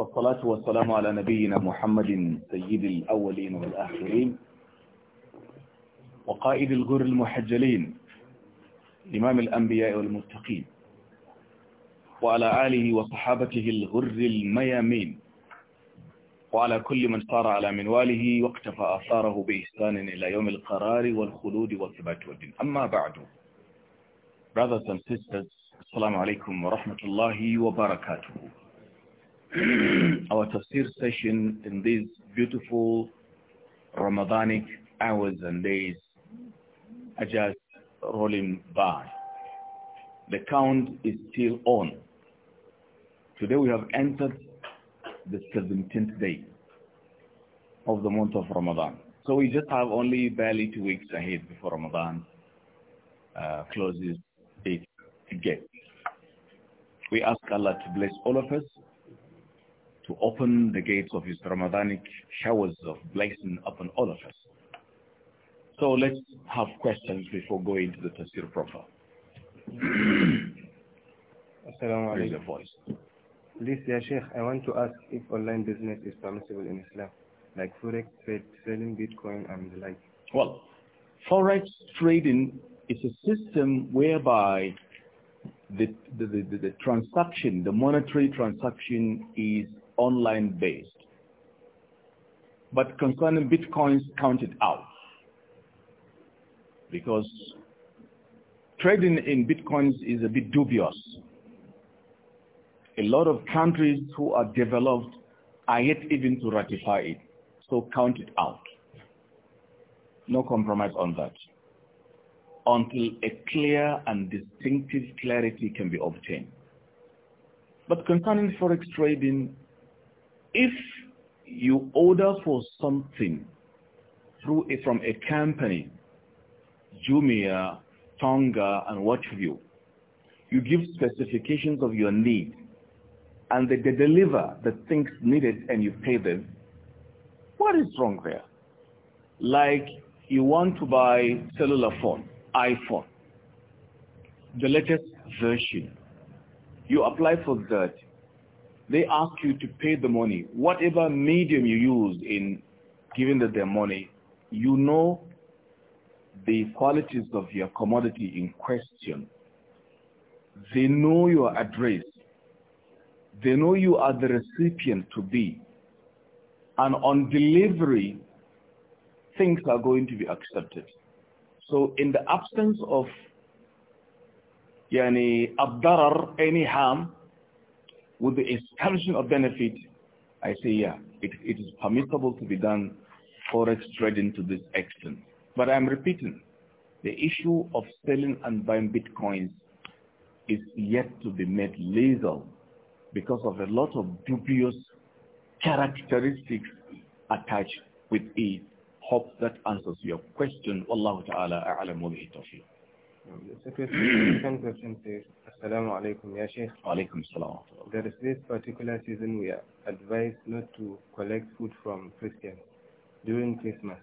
والصلاة والسلام على نبينا محمد سيد الأولين والآخرين وقائد الغر المحجلين إمام الأنبياء والمتقين وعلى آله وصحابته الغر الميامين وعلى كل من صار على منواله واقتفى آثاره بإحسان إلى يوم القرار والخلود والثبات والدين أما بعد Brothers and sisters, Assalamu alaikum wa rahmatullahi wa barakatuhu. our tafsir session in these beautiful Ramadanic hours and days are just rolling by. The count is still on. Today we have entered the 17th day of the month of Ramadan. So we just have only barely two weeks ahead before Ramadan uh, closes its gate. We ask Allah to bless all of us to open the gates of his Ramadanic showers of blessing upon all of us. So let's have questions before going to the tafsir proper. Raise your voice. Please, Ya Sheikh, I want to ask if online business is permissible in Islam, like forex trade, selling Bitcoin and the like. Well, forex trading is a system whereby the, the, the, the, transaction, the monetary transaction is online-based. But concerning bitcoins, count it out. Because trading in bitcoins is a bit dubious. A lot of countries who are developed are yet even to ratify it. So count it out. No compromise on that. Until a clear and distinctive clarity can be obtained. But concerning forex trading, if you order for something through a, from a company, Jumia, Tonga, and what have you, you give specifications of your need, and they, they deliver the things needed and you pay them, what is wrong there? Like you want to buy cellular phone, iPhone, the latest version. You apply for that they ask you to pay the money. Whatever medium you use in giving them the money, you know the qualities of your commodity in question. They know your address. They know you are the recipient to be. And on delivery, things are going to be accepted. So in the absence of yani, abdarar, any harm, with the establishment of benefit, I say, yeah, it, it is permissible to be done forex trading to this extent. But I'm repeating, the issue of selling and buying bitcoins is yet to be made legal because of a lot of dubious characteristics attached with it. Hope that answers your question. Wallahu ta'ala a'lamu bihi tawfiq. The second question says, Assalamu alaikum, Ya Sheikh. Alaikum salam. There is this particular season we are advised not to collect food from Christians during Christmas.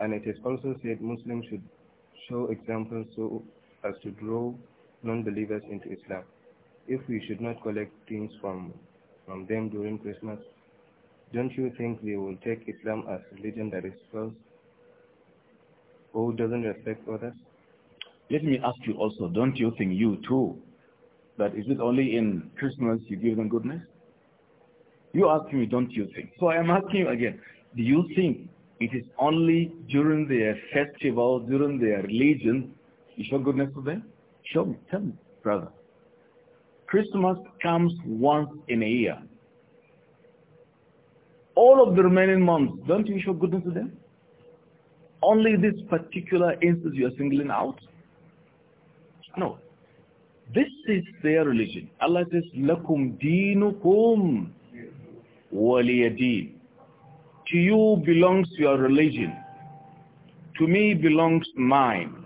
And it is also said Muslims should show examples so as to draw non-believers into Islam. If we should not collect things from, from them during Christmas, don't you think they will take Islam as religion that is false or doesn't respect others? Let me ask you also, don't you think you too that is it only in Christmas you give them goodness? You ask me, don't you think? So I'm asking you again, do you think it is only during their festival, during their religion, you show goodness to them? Show me, tell me, brother. Christmas comes once in a year. All of the remaining months, don't you show goodness to them? Only this particular instance you are singling out? No, this is their religion. Allah says, لَكُمْ دِينُكُمْ وَلِيَدِينَ To you belongs your religion. To me belongs mine.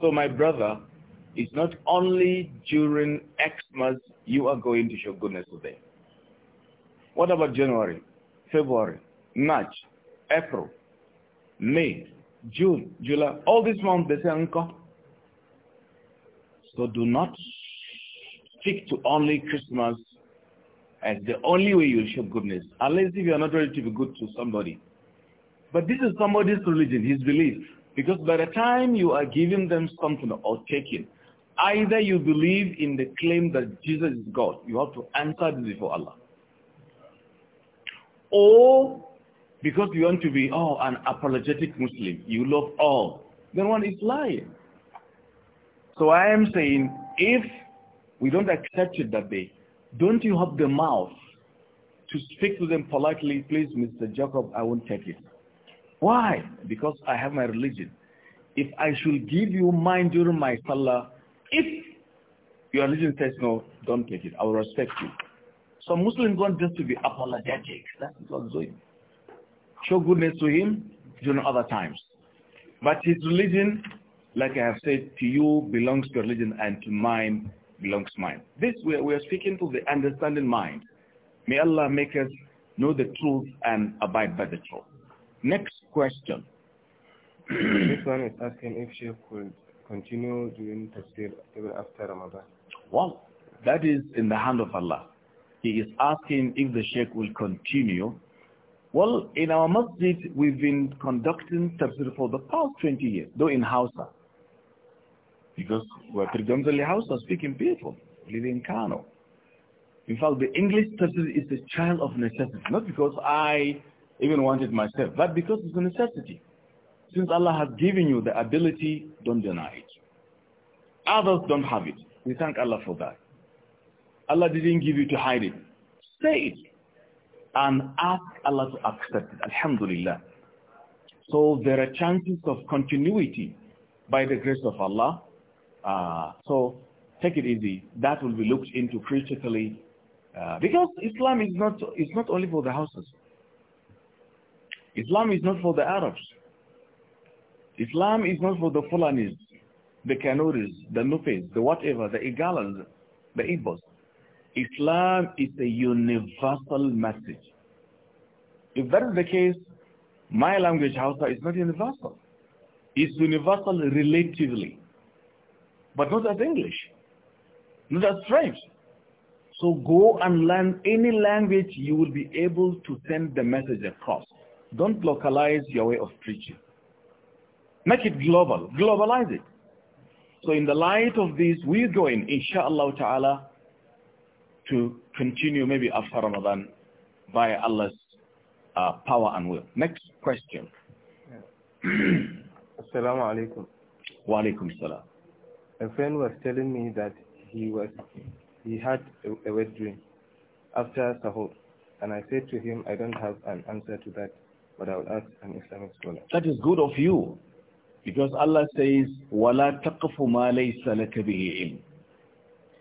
So my brother, it's not only during Xmas you are going to show goodness to them. What about January, February, March, April, May, June, July, all these months they say, Uncle. So do not stick to only Christmas as the only way you show goodness, unless if you're not ready to be good to somebody. But this is somebody's religion, his belief. Because by the time you are giving them something or taking, either you believe in the claim that Jesus is God, you have to answer this before Allah. Or because you want to be, oh, an apologetic Muslim, you love all, then one is lying. So I am saying, if we don't accept it that day. Don't you have the mouth to speak to them politely, please, Mr. Jacob, I won't take it. Why? Because I have my religion. If I should give you mine during my salah, if your religion says no, don't take it. I will respect you. So Muslims want just to be apologetic. That's God's doing. Show goodness to him during other times. But his religion, like I have said, to you belongs to religion and to mine belongs mine. This, we are, we are speaking to the understanding mind. May Allah make us know the truth and abide by the truth. Next question. this one is asking if she could continue doing tafsir even after Ramadan. Well, that is in the hand of Allah. He is asking if the sheikh will continue. Well, in our masjid, we've been conducting tafsir for the past 20 years, though in Hausa because we're predominantly Hausa-speaking people living in Kano. In fact, the English person is a child of necessity, not because I even want it myself, but because it's a necessity. Since Allah has given you the ability, don't deny it. Others don't have it. We thank Allah for that. Allah didn't give you to hide it. Say it and ask Allah to accept it. Alhamdulillah. So there are chances of continuity by the grace of Allah uh, so take it easy. That will be looked into critically uh, because Islam is not, is not only for the houses. Islam is not for the Arabs. Islam is not for the Fulanis, the Kanuris, the Nupes, the whatever, the Igalans, the Igbos. Islam is a universal message. If that is the case, my language, Hausa, is not universal. It's universal relatively but not as English, not as French. So go and learn any language you will be able to send the message across. Don't localize your way of preaching. Make it global. Globalize it. So in the light of this, we're going, inshallah ta'ala, to continue maybe after Ramadan by Allah's uh, power and will. Next question. Yeah. Assalamu alaikum. Wa a friend was telling me that he was he had a, a wet dream after sahur, and I said to him, I don't have an answer to that, but I will ask an Islamic scholar. That is good of you, because Allah says, وَلَا تَقْفُ مَا لَيْسَ لَكَ بِهِ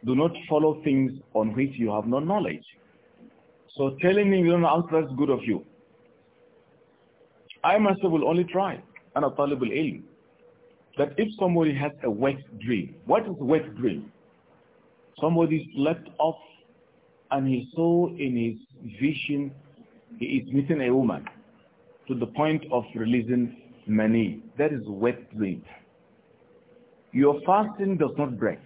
Do not follow things on which you have no knowledge. So telling me you don't answer is good of you. I myself will only try. أنا طالب العلم that if somebody has a wet dream, what is wet dream? Somebody slept off and he saw in his vision he is meeting a woman to the point of releasing money. That is wet dream. Your fasting does not break.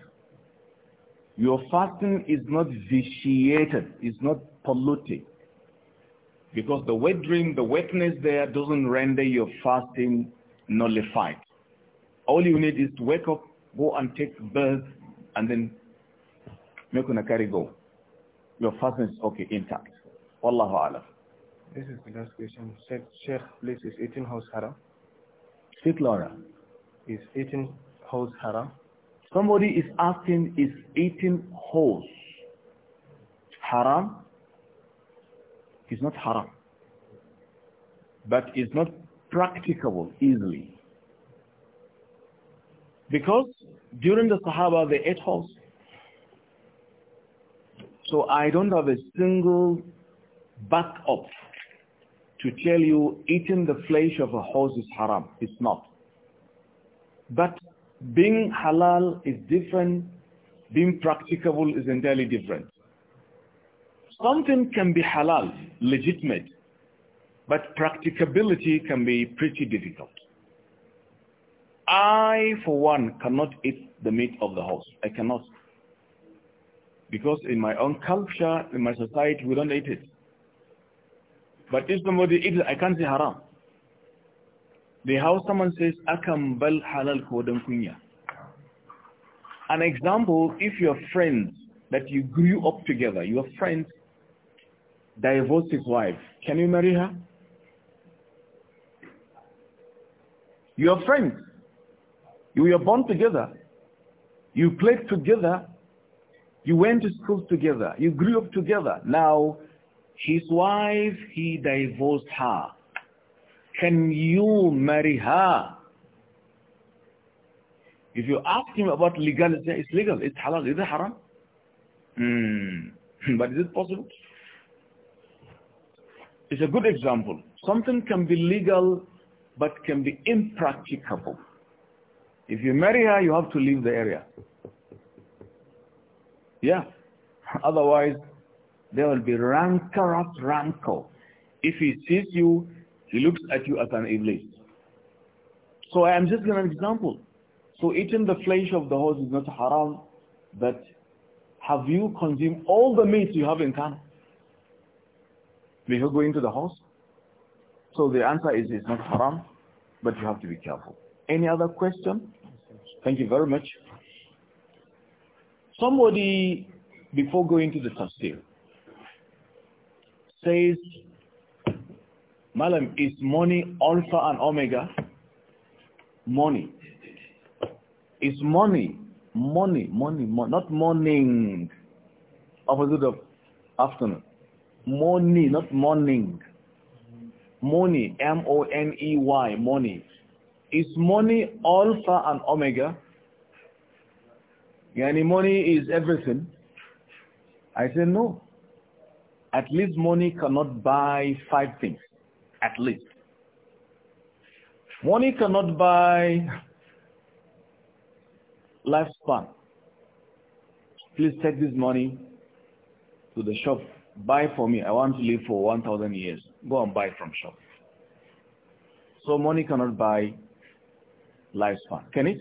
Your fasting is not vitiated, is not polluted. Because the wet dream, the wetness there doesn't render your fasting nullified. All you need is to wake up, go and take birth, and then make an carry go. Your fasting is okay, intact. Wallahu alam. This is the last question. Sheikh, Sheikh please, is eating house haram? Sheikh Laura. Is eating house haram? Somebody is asking, is eating house haram? It's not haram. But it's not practicable easily. Because during the Sahaba, they ate horse. So I don't have a single backup to tell you eating the flesh of a horse is haram. It's not. But being halal is different. Being practicable is entirely different. Something can be halal, legitimate, but practicability can be pretty difficult. I, for one, cannot eat the meat of the house. I cannot. Because in my own culture, in my society, we don't eat it. But if somebody eats it, I can't say haram. The house someone says, Akam bal halal kodan kunya. An example, if your friends that you grew up together, your friend divorced his wife, can you marry her? Your friend you were born together. You played together. You went to school together. You grew up together. Now, his wife, he divorced her. Can you marry her? If you ask him about legality, it's legal. It's halal. Is it haram? Mm. but is it possible? It's a good example. Something can be legal, but can be impracticable. If you marry her, you have to leave the area. Yeah. Otherwise, there will be rancor after rancor. If he sees you, he looks at you as an Iblis. So I am just giving an example. So eating the flesh of the horse is not haram, but have you consumed all the meat you have in Kana? Before going to the horse? So the answer is it's not haram, but you have to be careful. Any other question? Thank you very much. Somebody, before going to the tafsir, says, Malam, is money alpha and omega? Money. Is money, money, money, money, not morning, opposite of afternoon. Money, not morning. Money, M-O-N-E-Y, money. Is money alpha and omega? Yani money is everything. I said, no. At least money cannot buy five things. At least. Money cannot buy lifespan. Please take this money to the shop. Buy for me. I want to live for 1,000 years. Go and buy from shop. So money cannot buy lifespan. Can it?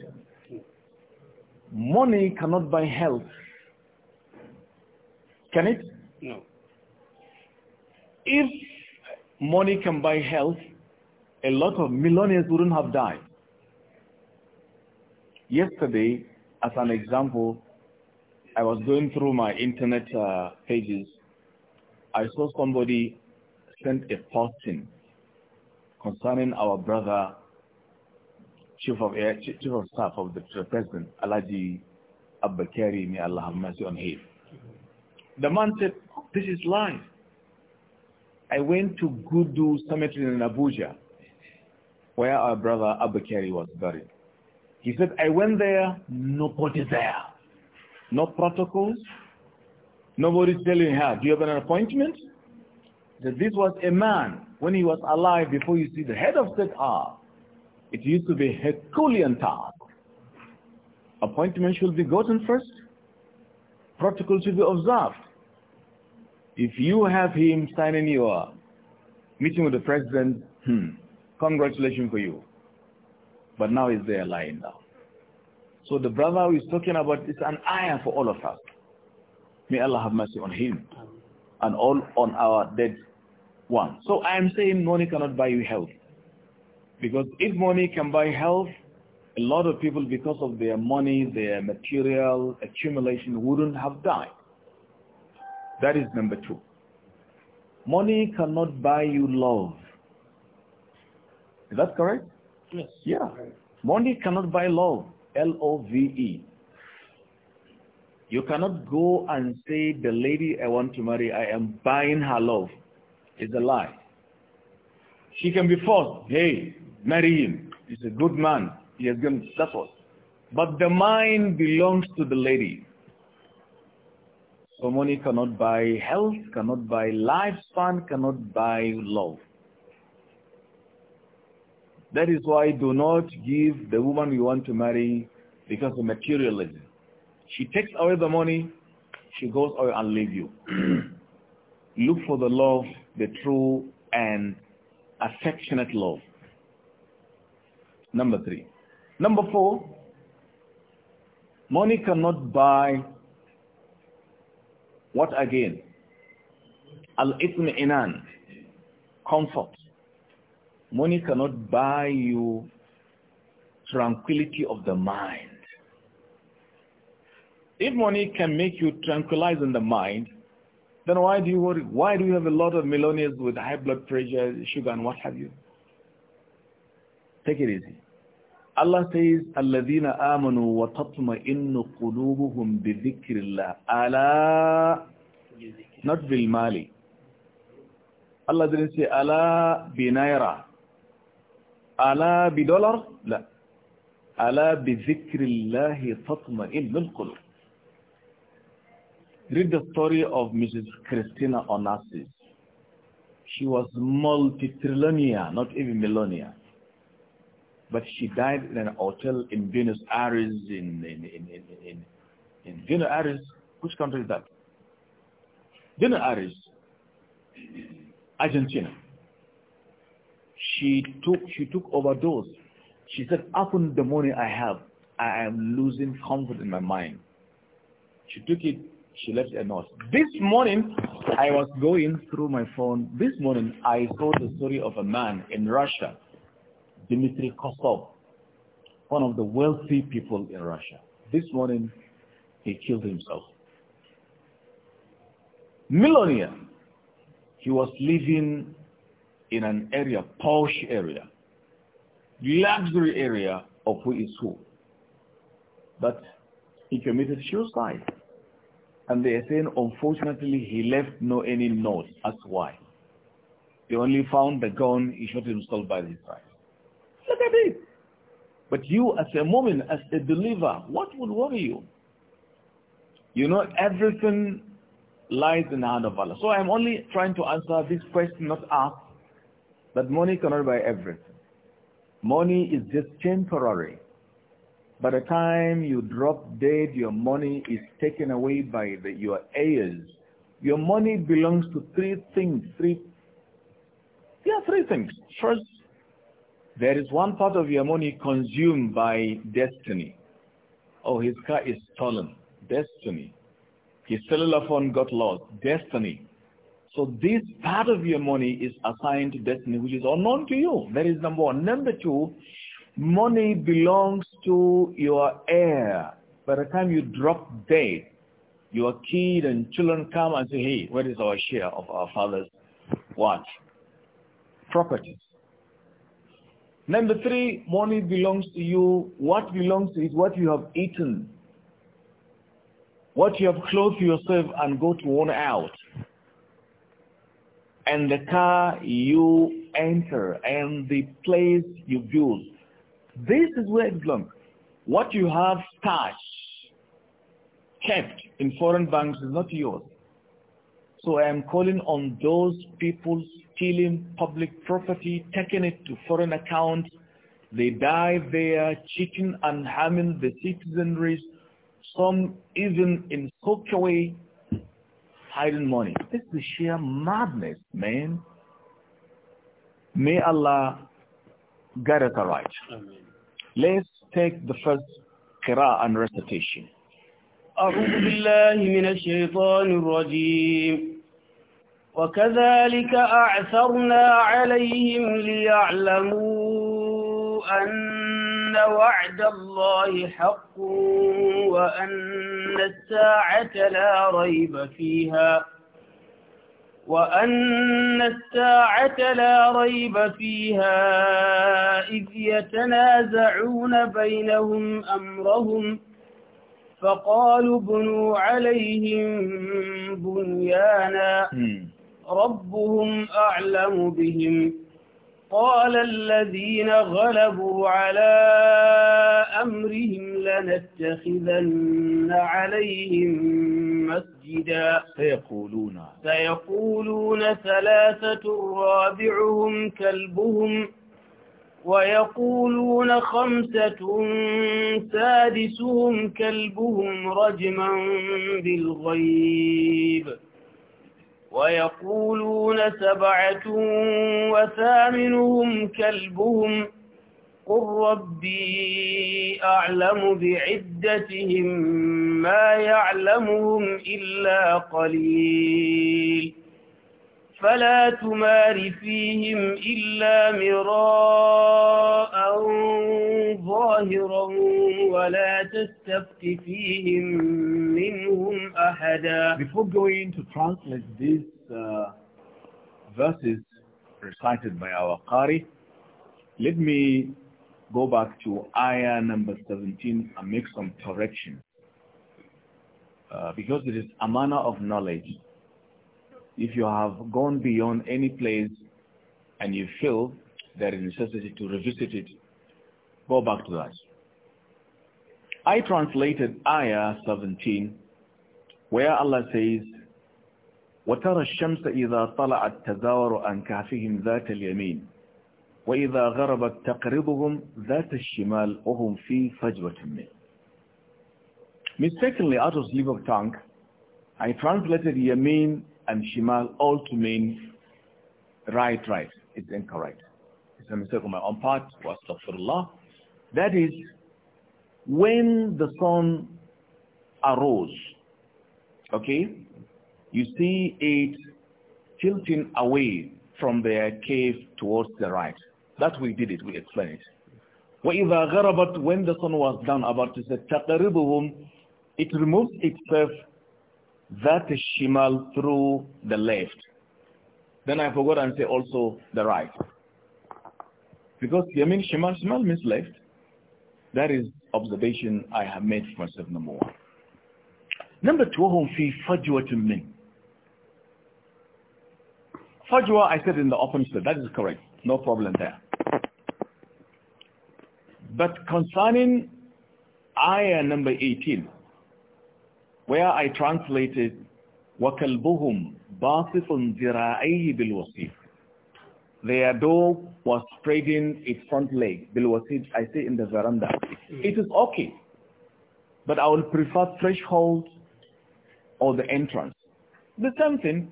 Money cannot buy health. Can it? No. If money can buy health, a lot of millionaires wouldn't have died. Yesterday, as an example, I was going through my internet uh, pages. I saw somebody sent a posting concerning our brother Chief of Air, eh, Chief of Staff of the, President, Alaji Abba may Allah have mercy on him. The man said, this is life. I went to Gudu Cemetery in Abuja, where our brother Abba was buried. He said, I went there, nobody there. No protocols. Nobody telling her, do you have an appointment? That this was a man, when he was alive, before you see the head of state, ah, it used to be Herculean task. Appointment should be gotten first. Protocol should be observed. If you have him signing your meeting with the president, hmm, congratulations for you. But now he's there lying down. So the brother who is talking about is an ayah for all of us. May Allah have mercy on him and all on our dead one. So I am saying money cannot buy you health. Because if money can buy health, a lot of people, because of their money, their material accumulation, wouldn't have died. That is number two. Money cannot buy you love. Is that correct? Yes. Yeah. Money cannot buy love. L-O-V-E. You cannot go and say, the lady I want to marry, I am buying her love. It's a lie. She can be forced. Hey, marry him. He's a good man. He has given support. But the mind belongs to the lady. So money cannot buy health, cannot buy lifespan, cannot buy love. That is why do not give the woman you want to marry because of materialism. She takes away the money, she goes away and leaves you. Look for the love, the true and affectionate love. Number three. Number four, money cannot buy what again? Al-itmi'inan, comfort. Money cannot buy you tranquility of the mind. If money can make you tranquilize in the mind, then why do you worry? Why do you have a lot of millionaires with high blood pressure, sugar, and what have you? تكريزي الله تيز الذين آمنوا وتطمئن قلوبهم بذكر الله ألا نت بالمال الله تيز ألا بنيرا ألا بدولار لا ألا بذكر الله تطمئن القلوب Read the story of Mrs. Christina Onassis. She was multi-trillionaire, not even millionaire. But she died in an hotel in Buenos Aires, in, in, in, in, in Buenos Aires. Which country is that? Buenos Aires, Argentina. She took, she took overdose. She said, after the money I have, I am losing confidence in my mind. She took it, she left a note. This morning, I was going through my phone. This morning, I saw the story of a man in Russia Dmitry Kosov, one of the wealthy people in Russia. This morning, he killed himself. Millionaire. He was living in an area, posh area, luxury area of who is who. But he committed suicide. And they are saying, unfortunately, he left no any note. That's why. They only found the gun. He shot himself by the side. Look at it. But you as a woman, as a believer, what would worry you? You know, everything lies in the hand of Allah. So I'm only trying to answer this question, not ask, that money cannot buy everything. Money is just temporary. By the time you drop dead, your money is taken away by the, your heirs. Your money belongs to three things. Three, yeah, three things. First, there is one part of your money consumed by destiny. Oh, his car is stolen. Destiny. His cellular phone got lost. Destiny. So this part of your money is assigned to destiny, which is unknown to you. That is number one. Number two, money belongs to your heir. By the time you drop dead, your kid and children come and say, hey, where is our share of our father's what? Properties. Number three, money belongs to you. What belongs is what you have eaten, what you have clothed yourself and got worn out, and the car you enter, and the place you build. This is where it belongs. What you have stashed, kept in foreign banks is not yours. So I am calling on those people stealing public property, taking it to foreign accounts. They die there, cheating and harming the citizenry, some even in such a way, hiding money. This is sheer madness, man. May Allah guide us right. Let's take the first Quran and recitation. أعوذ بالله من الشيطان الرجيم وكذلك أعثرنا عليهم ليعلموا أن وعد الله حق وأن الساعة لا ريب فيها وأن الساعة لا ريب فيها إذ يتنازعون بينهم أمرهم فقالوا بنوا عليهم بنيانا ربهم أعلم بهم قال الذين غلبوا على أمرهم لنتخذن عليهم مسجدا سيقولون سيقولون ثلاثة رابعهم كلبهم ويقولون خمسة سادسهم كلبهم رجما بالغيب ويقولون سبعة وثامنهم كلبهم قل ربي أعلم بعدتهم ما يعلمهم إلا قليل فلا تمار فيهم إلا مراء ظاهرا ولا فيهم منهم أحدا Before going to translate these uh, verses recited by our Qari, let me go back to ayah number 17 and make some correction. Uh, because it is a manner of knowledge if you have gone beyond any place and you feel there is necessity to revisit it, go back to that. I translated ayah 17 where Allah says, وَتَرَى الشَّمْسَ إِذَا طَلَعَتْ تَزَاوَرُ عَنْ كَهْفِهِمْ ذَاتَ الْيَمِينِ وَإِذَا غَرَبَتْ تَقْرِضُهُمْ ذَاتَ الشِّمَالِ وَهُمْ فِي فَجْوَةٍ مِّنْ Mistakenly, out of slip of tongue, I translated Yamin and shimal all to mean right, right. It's incorrect. It's a mistake on my own part. Wastaghfirullah. That is, when the sun arose, okay, you see it tilting away from their cave towards the right. That we did it, we explained it. وَإِذَا غَرَبَتْ When the sun was down about to set, تَقَرِبُهُمْ It removes itself that is shimal through the left. Then I forgot and say also the right. Because yamin shimal, shimal means left. That is observation I have made for myself, number one. Number two, وهم في to Min. Fajwa, I said in the open state, that is correct. No problem there. But concerning ayah number 18, where I translated وَكَلْبُهُمْ بَاطِفٌ ذِرَاعَيْهِ بِالْوَسِيفِ Their dog was spreading its front leg, بالوسيف, I say in the veranda. It is okay, but I would prefer threshold or the entrance. The same thing,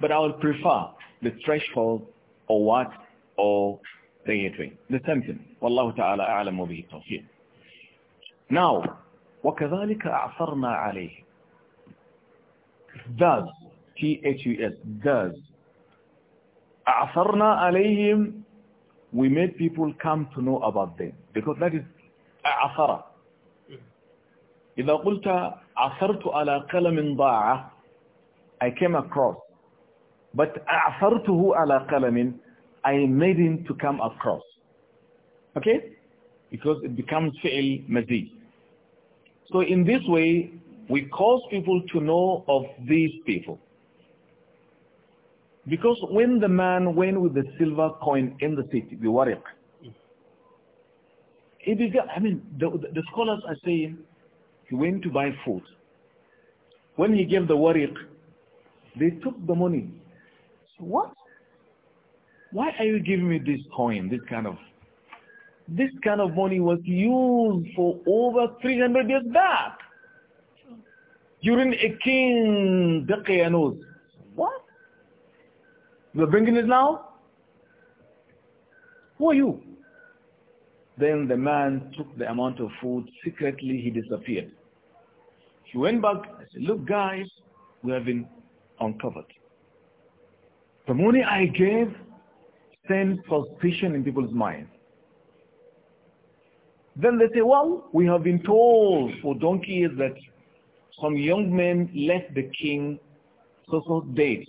but I would prefer the threshold or what or the gateway. The same thing. والله تعالى أعلم به التوفيق. Now, وكذلك أعثرنا عليه does T-H-U-S, does? أَعْثَرْنَا عَلَيْهِمْ We made people come to know about them. Because that is أَعْثَرَ إذا قلت عثرت على قلم ضاع I came across but عثرته على قلم I made him to come across okay because it becomes فعل مزيد so in this way we cause people to know of these people. Because when the man went with the silver coin in the city, the wariq, he began, I mean, the, the scholars are saying he went to buy food. When he gave the wariq, they took the money. So what? Why are you giving me this coin, this kind of this kind of money was used for over 300 years back during a king Daqiyanos. What? You're bringing it now? Who are you? Then the man took the amount of food. Secretly, he disappeared. He went back and said, look, guys, we have been uncovered. The money I gave sent suspicion in people's minds. Then they say, well, we have been told for donkeys that some young men left the king so-so dead.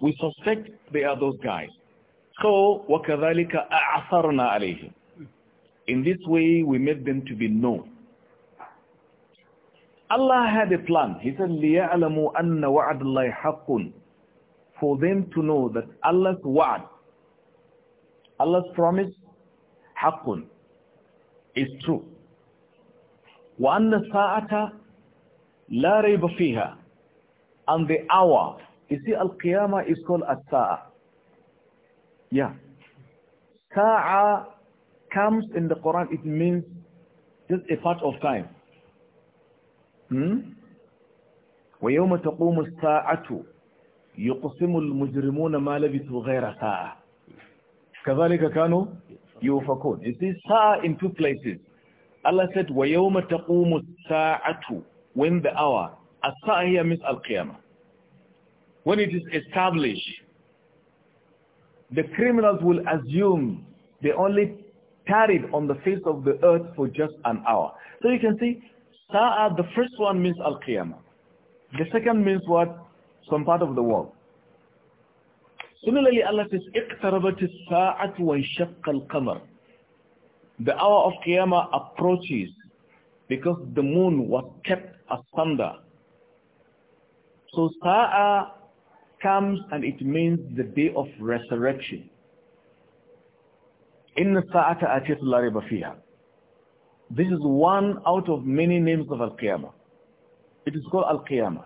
We suspect they are those guys. So, وَكَذَلِكَ أَعْثَرْنَا عَلَيْهِمْ In this way, we made them to be known. Allah had a plan. He said, لِيَعْلَمُوا أَنَّ وَعَدَ اللَّهِ حَقٌ For them to know that Allah's wa'ad, Allah's promise, حَقٌ is true. وَأَنَّ sa'ata. لا ريب فيها on the hour you see al-qiyamah is called as-sa'a yeah sa'a comes in the Quran it means just a part of time hmm ويوم تقوم الساعة يقسم المجرمون ما لبثوا غير ساعة كذلك كانوا يوفكون You see, ساعة in two places Allah said ويوم تقوم الساعة when the hour, as means al-qiyamah. When it is established, the criminals will assume they only tarried on the face of the earth for just an hour. So you can see, Sa'a, the first one means Al-Qiyamah. The second means what? Some part of the world. Similarly, Allah says, wa السَّاعَةُ al الْقَمَرُ The hour of Qiyamah approaches because the moon was kept as thunder. So Sa'a comes and it means the day of resurrection. Inna السَّاعَةَ أَتِيَةُ لَا fiha. This is one out of many names of Al-Qiyamah. It is called Al-Qiyamah,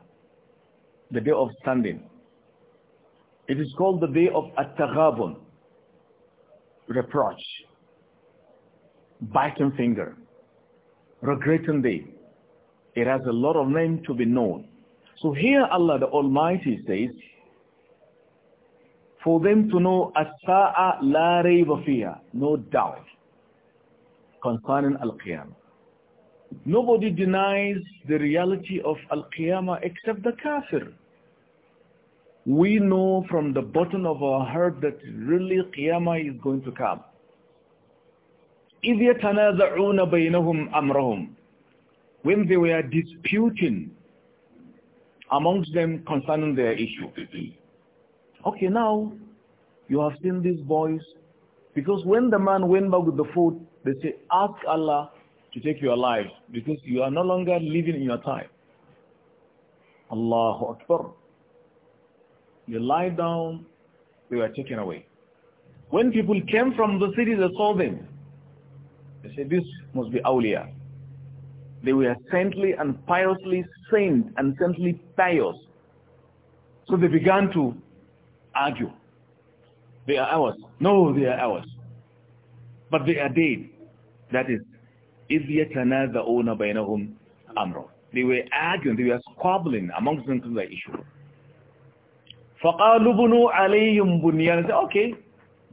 the day of standing. It is called the day of At-Taghabun, reproach, biting finger, regretting day. It has a lot of names to be known. So here Allah the Almighty says, for them to know as-sa'a la fiha, no doubt concerning al-qiyamah. Nobody denies the reality of al-qiyamah except the kafir. We know from the bottom of our heart that really qiyamah is going to come. إِذْ يَتَنَازَعُونَ بَيْنَهُمْ أَمْرَهُمْ when they were disputing amongst them concerning their issue. Okay, now you have seen these boys. Because when the man went back with the food, they say, ask Allah to take your life because you are no longer living in your time. Allahu Akbar. You lie down, they were taken away. When people came from the city, they saw them. They said, this must be awliya. They were saintly and piously saint and saintly pious. So they began to argue. They are ours. No, they are ours. But they are dead. That owner by whom بَيْنَهُمْ أَمْرًا They were arguing, they were squabbling amongst them to the issue. فَقَالُوا بُنُوا عَلَيْهِمْ Say, Okay,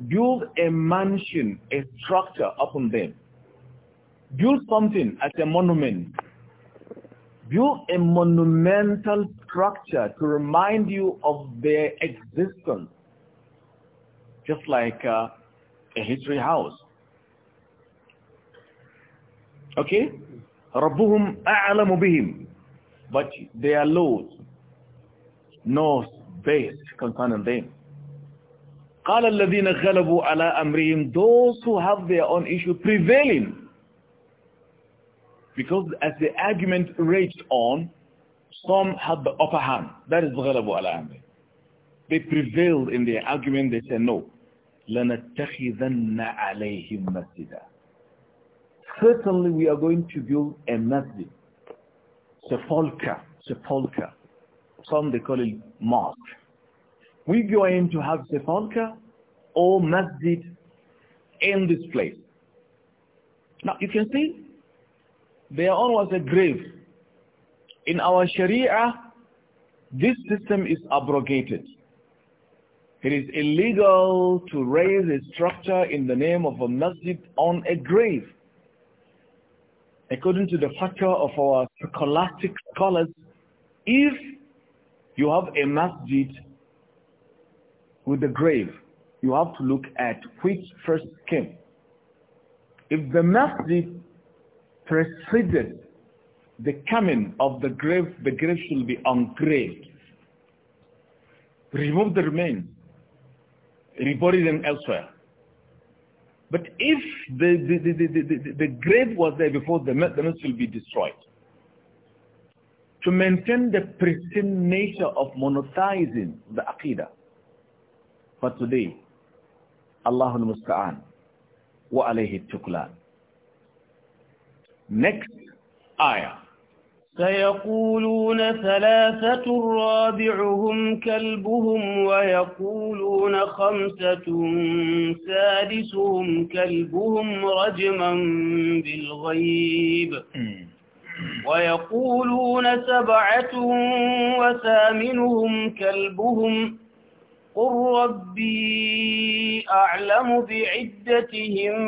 build a mansion, a structure upon them. Build something as a monument. Build a monumental structure to remind you of their existence. Just like uh, a history house. Okay? رَبُّهُمْ أَعْلَمُ بِهِمْ But their Lord knows best concerning them. قال الذين غلبوا على أمرهم Those who have their own issue prevailing because as the argument raged on, some had the upper hand. That is Ghalabu Amri. They prevailed in their argument. They said, no. لَنَتَّخِذَنَّ عَلَيْهِمْ مَسْجِدًا Certainly we are going to build a masjid. Sepulchre. Sepulchre. Some they call it mosque. We're going to have sepulchre or masjid in this place. Now you can see their own was a grave. In our Sharia, this system is abrogated. It is illegal to raise a structure in the name of a masjid on a grave. According to the fatwa of our scholastic scholars, if you have a masjid with a grave, you have to look at which first came. If the masjid preceded the coming of the grave, the grave shall be ungraved. Remove the remains. Rebury them elsewhere. But if the, the, the, the, the, grave was there before, the mess will be destroyed. To maintain the pristine nature of monotheism, the Aqidah. For today, Allahumma Musta'an, wa alayhi tuklan. next ayah سيقولون ثلاثة رابعهم كلبهم ويقولون خمسة سادسهم كلبهم رجما بالغيب hmm. ويقولون سبعة وثامنهم كلبهم قل ربي أعلم بعدتهم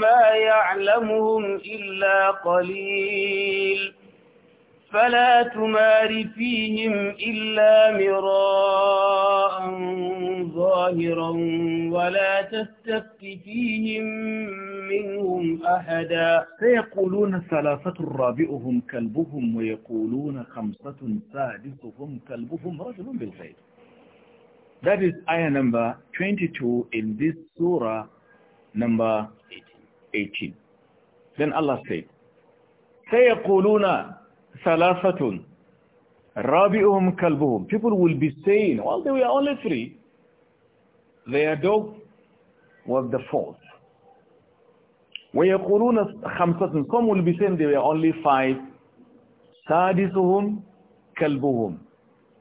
ما يعلمهم إلا قليل فلا تمار فيهم إلا مراء ظاهرا ولا تستفت فيهم منهم أحدا سيقولون ثلاثة رابعهم كلبهم ويقولون خمسة سادسهم كلبهم رجل بالخير That is ayah number 22 in this surah number 18. Then Allah said, سَيَقُولُونَ ثَلَاثَةٌ رَابِئُهُمْ كَلْبُهُمْ People will be saying, well, they were only three. Their dog was the fourth. وَيَقُولُونَ خَمْسَةٌ Some will be saying they were only five. سَادِسُهُمْ كَلْبُهُمْ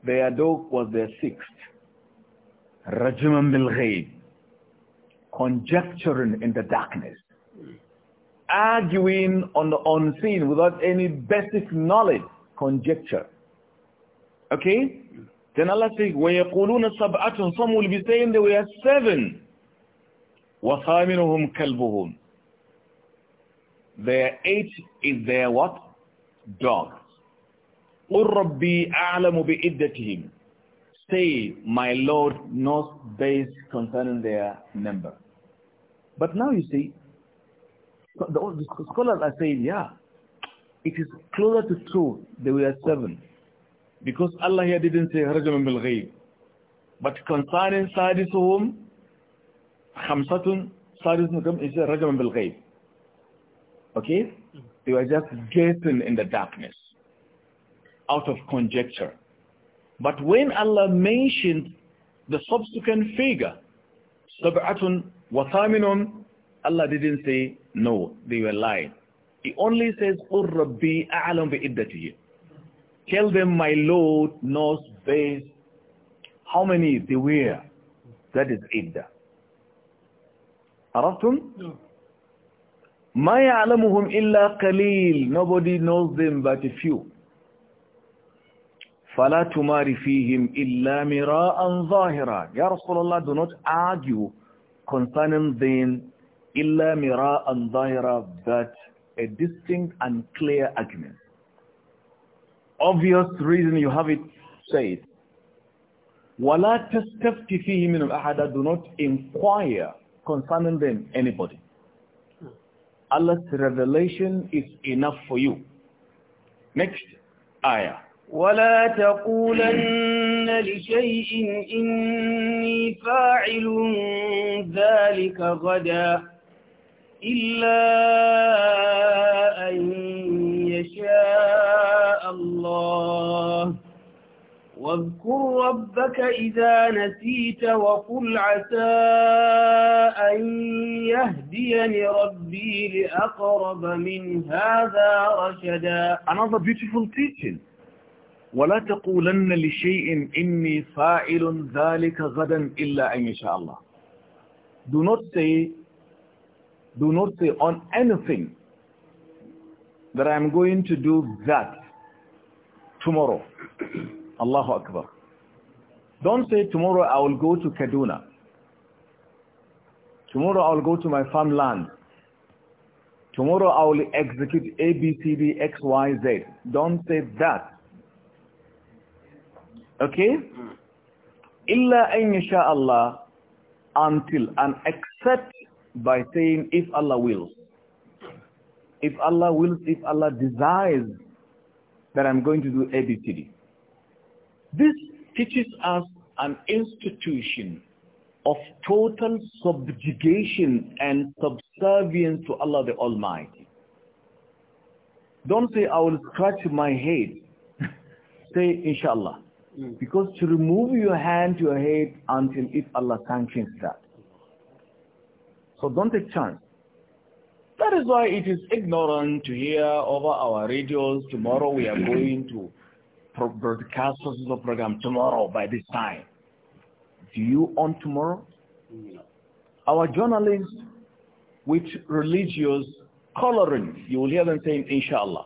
Their dog was their sixth. Rajuman bil conjecturing in the darkness, arguing on the unseen without any basic knowledge, conjecture. Okay? Then Allah says, وَيَقُولُونَ سَبْعَةٌ Some will be saying there were seven. وَثَامِنُهُمْ كَلْبُهُمْ Their eight is their what? Dogs. قُلْ رَبِّي أَعْلَمُ بِإِدَّتِهِمْ say, my Lord knows best concerning their number. But now you see, the, scholars are saying, yeah, it is closer to that we are seven. Because Allah here didn't say, رَجَمًا بِالْغَيْبِ But concerning سَادِسُهُمْ خَمْسَةٌ سَادِسُهُمْ is رَجَمًا بِالْغَيْبِ Okay? They were just guessing in the darkness, out of conjecture. But when Allah mentioned the subsequent figure, sab'atun wa Allah didn't say, no, they were lying. He only says, قُلْ رَبِّي أَعْلَمْ بِإِدَّتِهِ Tell them my Lord knows best how many they were. That is idda. No. ما يعلمهم إلا قليل. Nobody knows them but a few. فَلَا تُمَارِ فِيهِمْ إِلَّا مِرَاءً ظَاهِرًا Ya Rasulullah, do not argue concerning them إِلَّا مِرَاءً ظَاهِرًا but a distinct and clear argument. Obvious reason you have it said. وَلَا تَسْتَفْتِ فيهم مِنْهُمْ أَحَدًا Do not inquire concerning them, anybody. Allah's revelation is enough for you. Next ayah. ولا تقولن لشيء إني فاعل ذلك غدا إلا أن يشاء الله واذكر ربك إذا نسيت وقل عسى أن يهديني ربي لأقرب من هذا رشدا Another beautiful teaching ولا تقولن لشيء إني فاعل ذلك غدا إلا أن الله do not say do not say on anything that I am going to do that tomorrow Allahu Akbar don't say tomorrow I will go to Kaduna tomorrow I will go to my farmland tomorrow I will execute A, B, C, D, X, Y, Z don't say that Okay? Illa an Allah until and except by saying if Allah wills. If Allah wills, if Allah desires that I'm going to do ABCD. This teaches us an institution of total subjugation and subservience to Allah the Almighty. Don't say, I will scratch my head. say, inshallah. Mm. Because to remove your hand to your head until if Allah sanctions that. So don't take chance. That is why it is ignorant to hear over our radios, tomorrow we are going to broadcast the program tomorrow by this time. Do you on tomorrow? No. Our journalists with religious coloring, you will hear them saying, inshallah.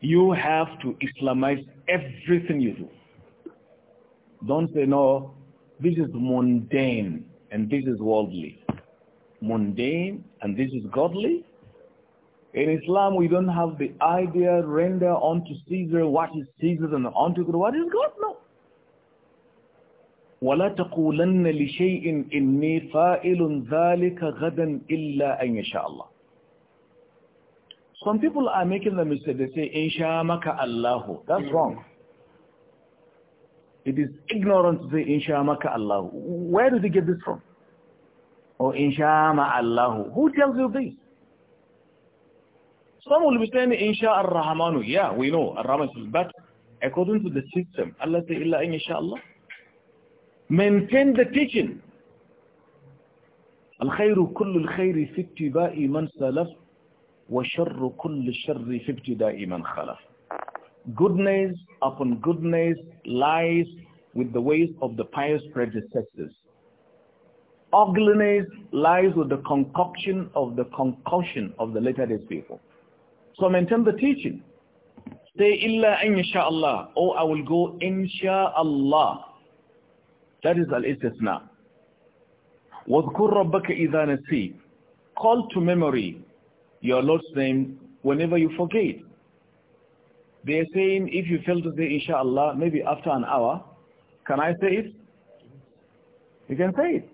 You have to Islamize everything you do. Don't say, no, this is mundane and this is worldly. Mundane and this is godly. In Islam, we don't have the idea, render unto Caesar what is Caesar's and unto God what is God. No. ولا تقولن لشيء إني فائل ذلك غدا إلا أن يشاء الله some people are making the mistake. They say, Insha'Allah. Allahu. That's wrong. It is ignorant to say, Insha'Allah. Allahu. Where did they get this from? Or, Insha'Allah. Allahu. Who tells you this? Some will be saying, Insha rahmanu Yeah, we know. Ar-Rahman but according to the system. Allah say, Illa Maintain the teaching. الخير كل الخير في اتباع من سلف وَشَرُّ كُلِّ شَرِّ فِي ابْتِدَاءِ مَنْ خَلَفَ Goodness upon goodness lies with the ways of the pious predecessors. Ugliness lies with the concoction of the concoction of the latter days people. So maintain the teaching. Say, إِلَّا أَنْ يَشَاءَ اللَّهِ Or I will go, inshaAllah. That is al-istisna. وَذْكُرْ رَبَّكَ إِذَا نَسِيكَ Call to memory your Lord's name whenever you forget. They are saying if you fail to say inshallah, maybe after an hour, can I say it? You can say it.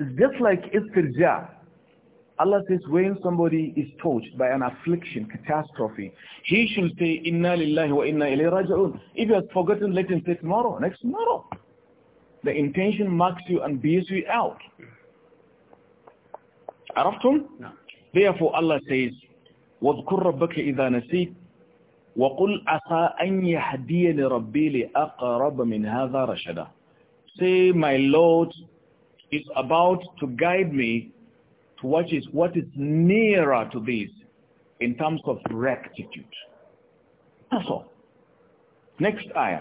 It's just like istirja. Allah says when somebody is touched by an affliction, catastrophe, he should say inna lillahi wa inna ilayhi raji'un. If you have forgotten, let him say tomorrow, next tomorrow. The intention marks you and bears you out. Araftum? No. Therefore Allah says, رَبَّكَ إِذَا وَقُلْ أَنْ رَبِّي لِأَقْرَبَ مِنْ هَذَا رَشَدًا Say, my Lord is about to guide me to what is, what is nearer to this in terms of rectitude. That's all. Next ayah.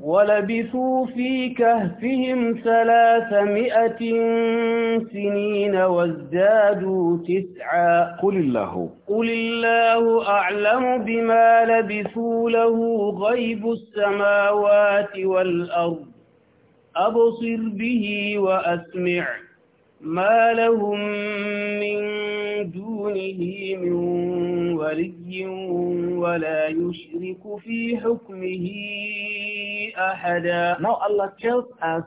ولبثوا في كهفهم ثلاثمائة سنين وازدادوا تسعا قل الله قل الله أعلم بما لبثوا له غيب السماوات والأرض أبصر به وأسمع ما لهم من دونه من ولي ولا يشرك في حكمه أحدا. Now Allah tells us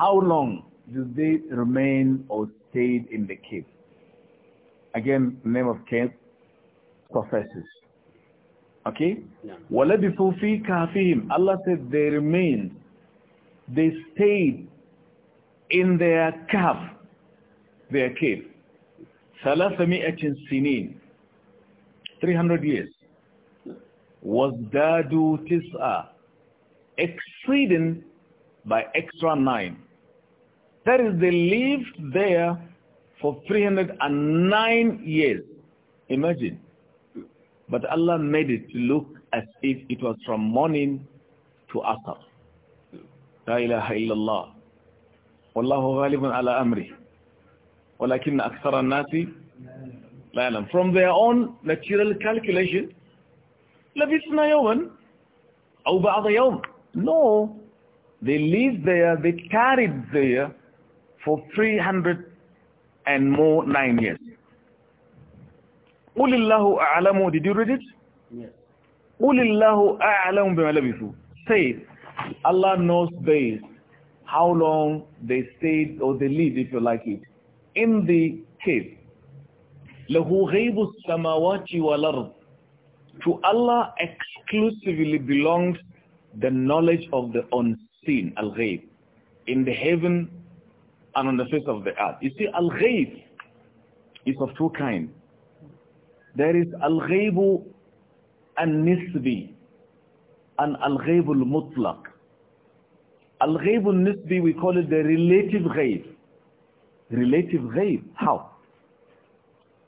how long do they remain or stayed in the cave. Again, name of cave, professors. Okay? وَلَبِثُوا فِي كَافِهِمْ Allah said they remained. They stayed in their cave, their cave. ثلاثمائة سنين 300 years وازدادوا تسعة exceeding by extra nine that is they lived there for 309 years imagine but Allah made it look as if it was from morning to asr la ilaha illallah wallahu ghalibun ala amri وَلَكِنَّ أَكْثَرَ النَّاسِ لَا يَعْلَمُ From their own natural calculation, لَبِثْنَا يَوْمًا أَوْ بَعْضَ يَوْمٍ No, they lived there, they carried there for 300 and more nine years. قُلِ اللَّهُ أَعْلَمُ Did you read it? Yes. قُلِ اللَّهُ أَعْلَمُ بِمَا لَبِثُوا Say, Allah knows best how long they stayed or they lived if you like it in the cave. لَهُ غَيْبُ السَّمَاوَاتِ وَالْأَرْضِ To Allah exclusively belongs the knowledge of the unseen, al-ghayb, in the heaven and on the face of the earth. You see, al-ghayb is of two kinds. There is al-ghayib al-nisbi and al-ghaybu al-mutlaq. Al-ghaybu nisbi we call it the relative ghayb relative ghaib. How?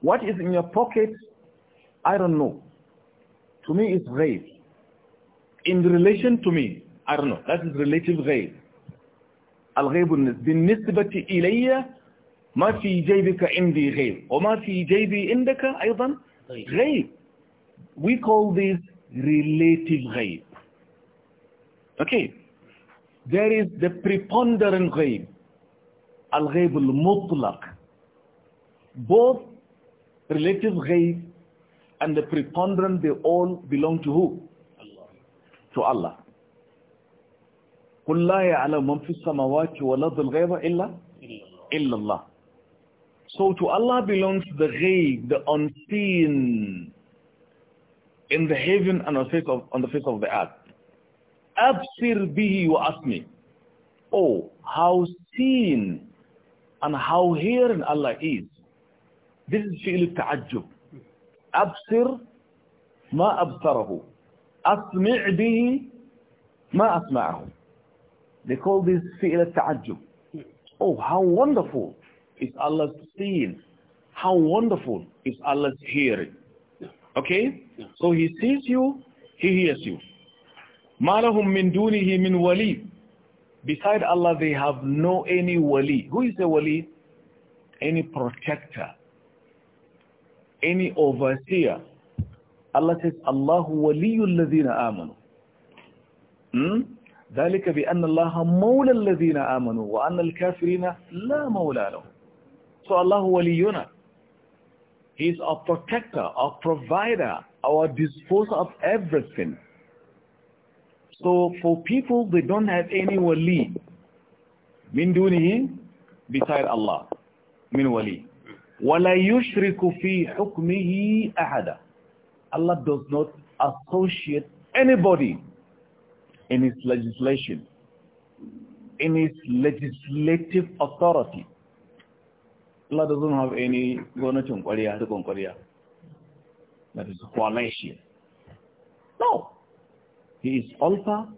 What is in your pocket? I don't know. To me, it's ghaib. In relation to me, I don't know. That is relative ghaib. الغيب بالنسبة إلي ما في جيبك عندي غيب وما في جيبي عندك أيضا غيب we call this relative ghaib okay there is the preponderant ghaib al ghayb al-mutlaq. Both relative Ghayb and the preponderant, they all belong to who? Allah. To Allah. قُلْ لَا يَعْلَمْ مَنْ فِي السَّمَوَاتِ وَلَا ذُ إِلَّا إِلَّا اللَّهِ So to Allah belongs the Ghayb, the unseen, in the heaven and on the face of, on the, face of the earth. Absir bihi wa asmi. Oh, how seen and how hearing Allah is. This is fi'l ta'ajjub. Absir ma absarahu. Asmi' bihi ma asma'ahu. They call this fi'l ta'ajjub. Oh, how wonderful is Allah's seeing. How wonderful is Allah's hearing. Okay? So he sees you, he hears you. مَا لَهُم مِّن دُونِهِ مِن وَلِيٍّ Beside Allah, they have no any wali. Who is a wali? Any protector, any overseer. Allah says, Allahu waliyul ladhina amanu. Hmm? ذلك بأن الله مولى الذين آمنوا وأن الكافرين لا مولى لهم So Allah ولينا He is our protector, our provider, our disposer of everything. So for people, they don't have any wali. Min dunihi, beside Allah. Min wali. وَلَا yushriku fi hukmihi أَحَدًا Allah does not associate anybody in his legislation, in his legislative authority. Allah doesn't have any gwamnatin kwariya, rikon kwariya. That is coalition. No. He is Alpha,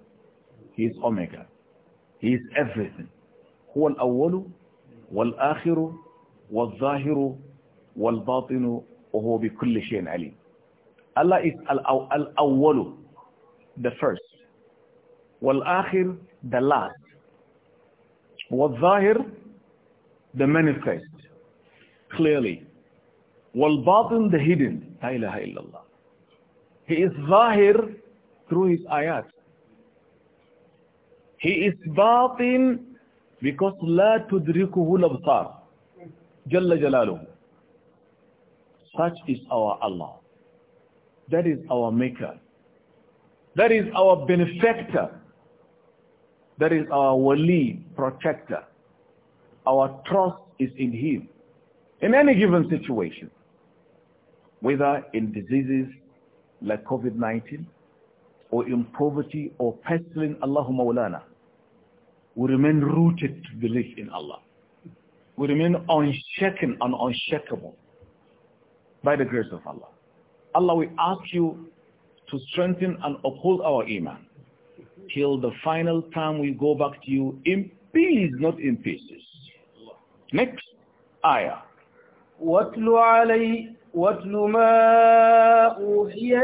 He is Omega. He is everything. هو الأول والآخر والظاهر والباطن وهو بكل شيء عليم. Allah is al-awwalu, the first. Wal-akhir, the last. Wal-zahir, the manifest, clearly. Wal-batin, the hidden. La ilaha illallah. He is zahir through his ayat. He is batin because la tudrikuhu labsar. Jalla jalaluhu. Such is our Allah. That is our maker. That is our benefactor. That is our wali, protector. Our trust is in him. In any given situation, whether in diseases like COVID-19, or in poverty or pestilence, Allahu Mawlana. We remain rooted to belief in Allah. We remain unshaken and unshakable by the grace of Allah. Allah, we ask you to strengthen and uphold our iman till the final time we go back to you in peace, not in pieces. Next ayah.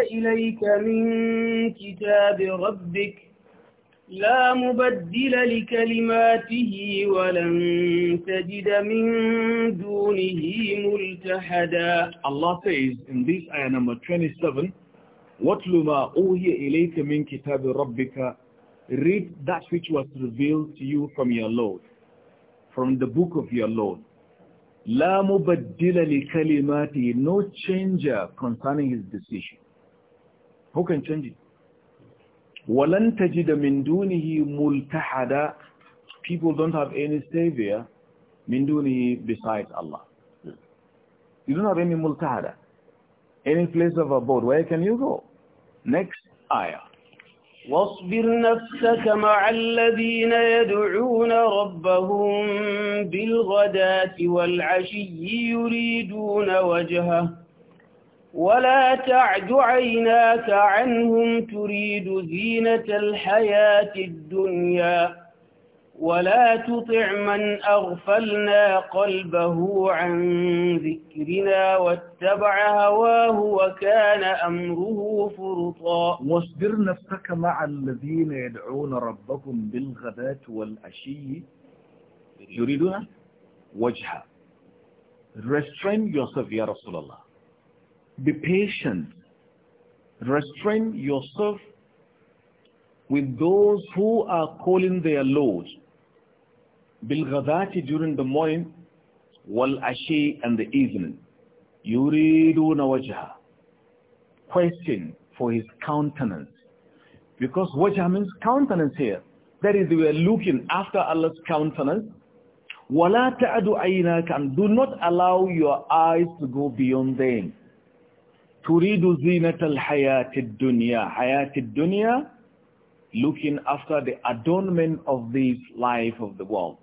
إليك من كتاب ربك لا مبدل لكلماته ولن تجد من دونه ملتحدا الله says in this ayah number 27 وَاتْلُ مَا أُوْهِيَ إِلَيْكَ مِنْ كِتَابِ رَبِّكَ Read that which was revealed to you from your Lord, from the book of your Lord. لا مبدل لكلماته No changer concerning his decision. who can change it walan tajida min dunihi multahada people don't have any savior min dunihi besides Allah you don't have any multahada any place of abode where can you go next ayah واصبر نفسك مع الذين يدعون ربهم بِالْغَدَاتِ والعشي يريدون وجهه ولا تعد عيناك عنهم تريد زينة الحياة الدنيا ولا تطع من أغفلنا قلبه عن ذكرنا واتبع هواه وكان أمره فرطا واصبر نفسك مع الذين يدعون ربهم بالغداة والعشي يريدون وجهه restrain yourself يا رسول الله Be patient. Restrain yourself with those who are calling their Lord. Bilghadati during the morning, wal ashi and the evening. Yuridu wajha. Question for his countenance. Because wajha means countenance here. That is, we are looking after Allah's countenance. Wala ta'adu aynaka and do not allow your eyes to go beyond them turidu zinatal hayatid dunya. Hayatid dunya, looking after the adornment of this life of the world.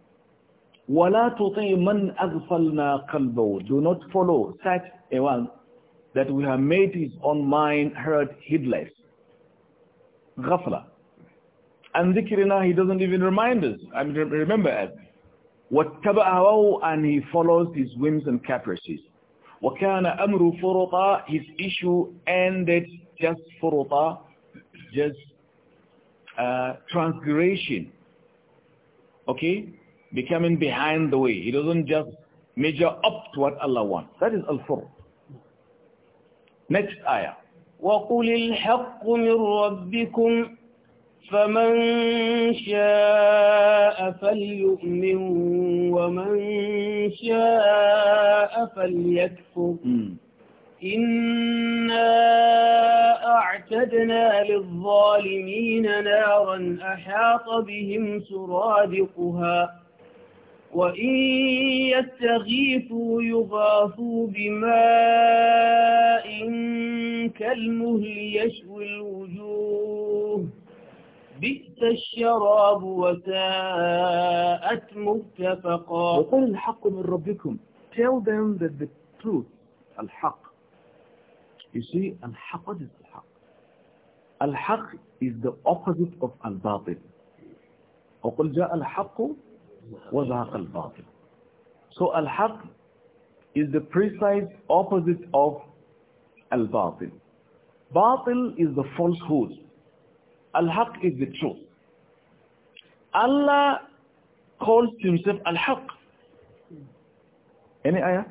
وَلَا تطيع مَنْ أَغْفَلْنَا قَلْبَهُ Do not follow such a one that we have made his own mind heard heedless. غفلة. And dhikrina, he doesn't even remind us. I mean, remember us. وَاتَّبَعَ And he follows his whims and caprices. وكان أمر فرطة his issue ended just فرطة just uh, transgression. Okay? Becoming behind the way. He doesn't just measure up to what Allah wants. That is al Next ayah. وَقُلِ الْحَقُّ مِنْ رَبِّكُمْ فمن شاء فليؤمن ومن شاء فليكفر إنا أعتدنا للظالمين نارا أحاط بهم سرادقها وإن يستغيثوا يغاثوا بماء كالمهل يشوي الوجوه بئس الشراب وساءت متفقا وقل الحق من ربكم tell them that the truth الحق you see الحق what is الحق الحق is the opposite of الباطل وقل جاء الحق وزهق الباطل so الحق is the precise opposite of الباطل باطل is the falsehood Al-Haq is the truth. Allah calls himself Al-Haq. Any ayah?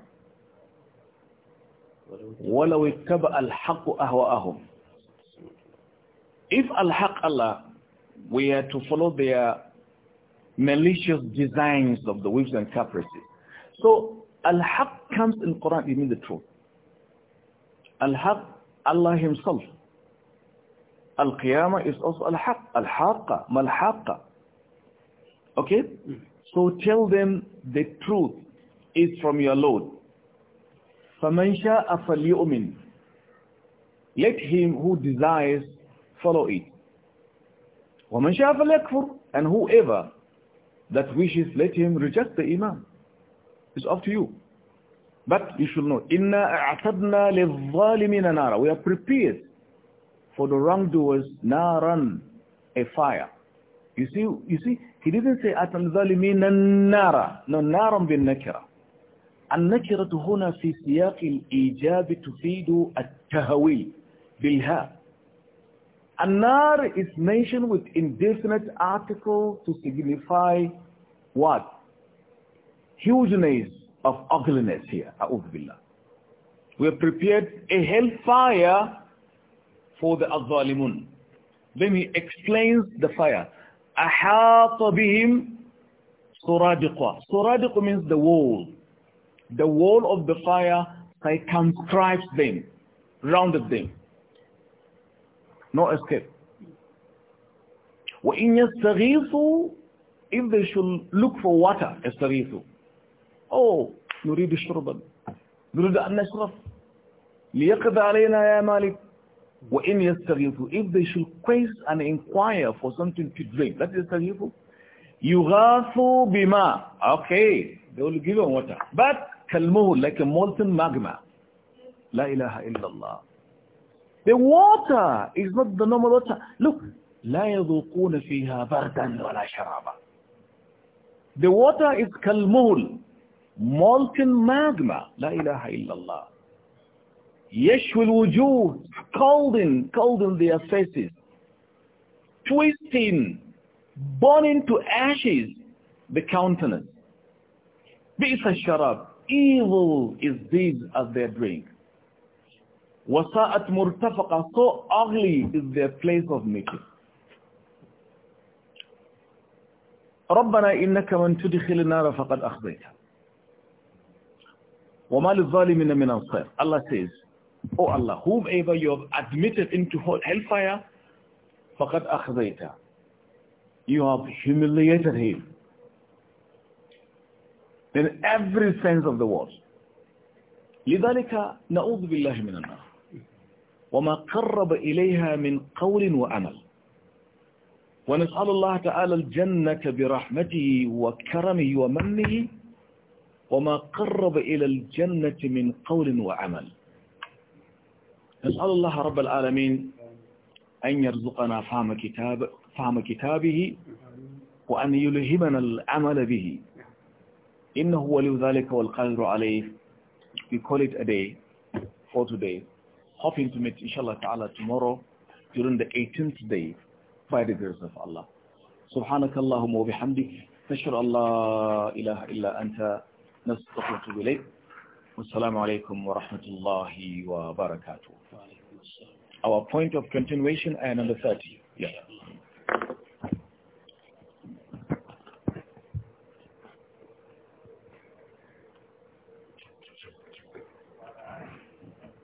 وَلَوْ اتَّبَأَ الْحَقُ أَهْوَأَهُمْ If Al-Haq Allah were to follow their malicious designs of the whips and caprices. So Al-Haq comes in Quran, it means the truth. Al-Haq, Allah himself. Al-Qiyamah is also Al-Haq, Al-Haqqa, Mal-Haqqa. Okay? So tell them the truth is from your Lord. فَمَنْ شَاءَ فَلْيُؤْمِنْ Let him who desires follow it. وَمَنْ شَاءَ فَلْيَكْفُرْ And whoever that wishes, let him reject the Imam. It's up to you. But you should know, إِنَّا أَعْتَدْنَا لِلظَّالِمِينَ نَارًا We are prepared for the wrongdoers naran, a fire. You see, you see, he didn't say atam zalimina nara. No, naram bin nakira. النكرة هنا في سياق الإيجاب تفيد التهويل بالها النار is mentioned with indefinite article to signify what? Hugeness of ugliness here. A'udhu Billah. We have prepared a hellfire for the الظالمون. Then he explains the fire. أحاط بهم سرادقة. سرادق means the wall. The wall of the fire circumscribes them, rounded them. No escape. وَإِنْ يَسْتَغِيثُوا If they should look for water, يَسْتَغِيثُوا Oh, نريد الشربة. نريد أن نشرب. ليقضي علينا يا مالك وَإِنْ يَسْتَغِيثُ If they should quest and inquire for something to drink, that is يَسْتَغِيثُ يُغَاثُ بِمَا Okay, they will give you water. But كَالْمُهُ Like a molten magma. La ilaha illallah. The water is not the normal water. Look, لا يذوقون فيها بردا ولا شرابا. The water is كالمهل molten magma. La ilaha illallah. Yeshwil wujuh, scalding, scalding their faces, twisting, burning to ashes the countenance. Bisa sharab, evil is this as their drink. Wasa'at murtafaqa, so ugly is their place of meeting. ربنا إنك من تدخل النار فقد أخذيتها وما للظالمين من أنصار Allah says O oh Allah, whomever you have admitted into hellfire, فَقَدْ أَخْذَيْتَ You have humiliated him. In every sense of the word. لذلك نعوذ بالله من النار وما قرب إليها من قول وعمل ونسأل الله تعالى الجنة برحمته وكرمه ومنه وما قرب إلى الجنة من قول وعمل نسأل الله رب العالمين أن يرزقنا فهم, كتاب فهم كتابه وأن يلهمنا العمل به إنه ولي ذلك والقادر عليه We call it a day for today hoping to meet inshallah ta'ala tomorrow during the 18th day by the grace of Allah سبحانك اللهم وبحمدك نشر الله إله إلا أنت نستغفرك إليك Assalamu alaikum wa rahmatullahi wa barakatuh. Our point of continuation, and number 30. Yeah.